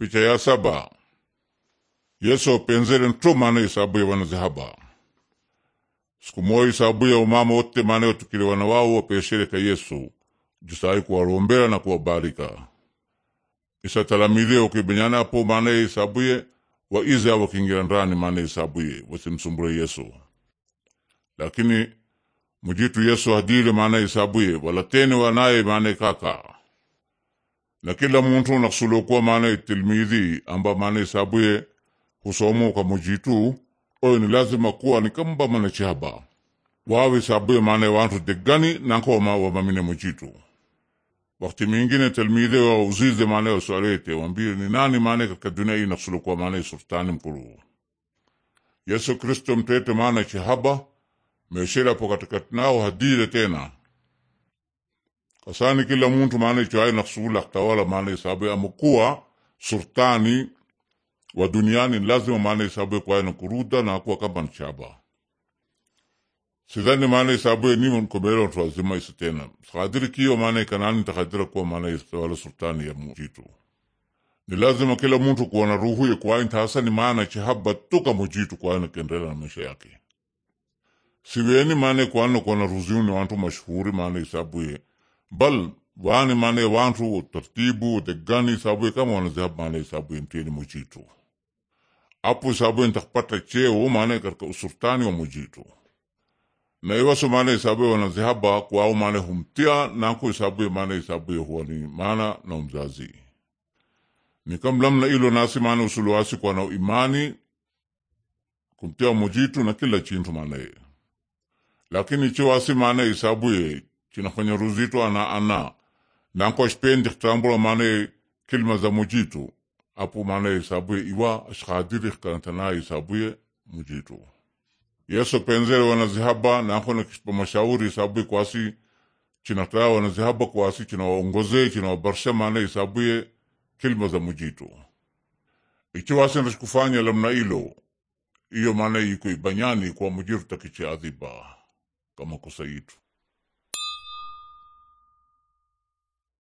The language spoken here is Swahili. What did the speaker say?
Picha ya saba Yesu penzele isabu ya wana zihaba siku moya ya umama wote mane watukile wana wawu ka Yesu jusai kuwarombela na kuwabarika isatalamilie ukibenyanapo mane isabuye waize wakingira ndani mane isabuye wasimsumbure Yesu lakini mujitu Yesu hadile mane isabuye walateni wanaye mane kaka na kila muntu nakusulokuwa maanaye tilmidhi amba maanaye sabuye husoma mujitu oyo ni lazima kuwa ni kamba mana chihaba wawe sabuye maanaye wantu deggani nankowama wamamine mujitu wakati mingine tilmidhi wa uzize maanaye wasualete wambie ni nani maanaye katika dunia hii nakusulokuwa maanaye sultani mkulu yesu kristo mtete maana chihaba meshelapo katikati nao hadile tena Kasani kila muntu maana ichoayo naksuulaktawala maana isabe amakuwa sultani wa duniani lazima maana na kuruda na nakuwa kama nchaba sidhani maana ni nikomela watu wazima isa tena kadiri kio maana ikanani takadira kuwa maana isawala sultani ya mujitu ni lazima kila muntu kuwa na ruhu ya kwayo ntasani maana chihaba tuka mujitu kwayo nakendelea na maisha yake siweni maana na nakuwa na ruziuni wantu mashuhuri maana ya bal wani mane wantu tartibu degani isabuye kama wanadhahabu mane isabuye mtini mujitu apu isabuye ntakpata cheo mane katika usultani wa mujitu na iwasu mane isabuye wanadhahaba kwao mane humtia naku isabuye mane isabuye huwani mana na umzazi nikam lamna ilo nasi mane usuluwasi kwa na imani kumtia mujitu na kila chintu mane lakini chiwasi mane isabuye chinafanya ruzitu ana ana nanko shipendi kitambula maanaye kilima za mujitu apo maanaye isabuye iwa ashikadiri kanatana isabuye mujitu yeso penzere wanazihaba nanko nakishipa mashauri isabuye kwasi chinataa wanazihaba kwasi chinawaongoze chinawabarsha maanaye isabuye kilima za mujitu ichiwasenda shikufanya lamna ilo iyo maana yiko ibanyani kwa mujiru takichiadhiba kama kosa yitu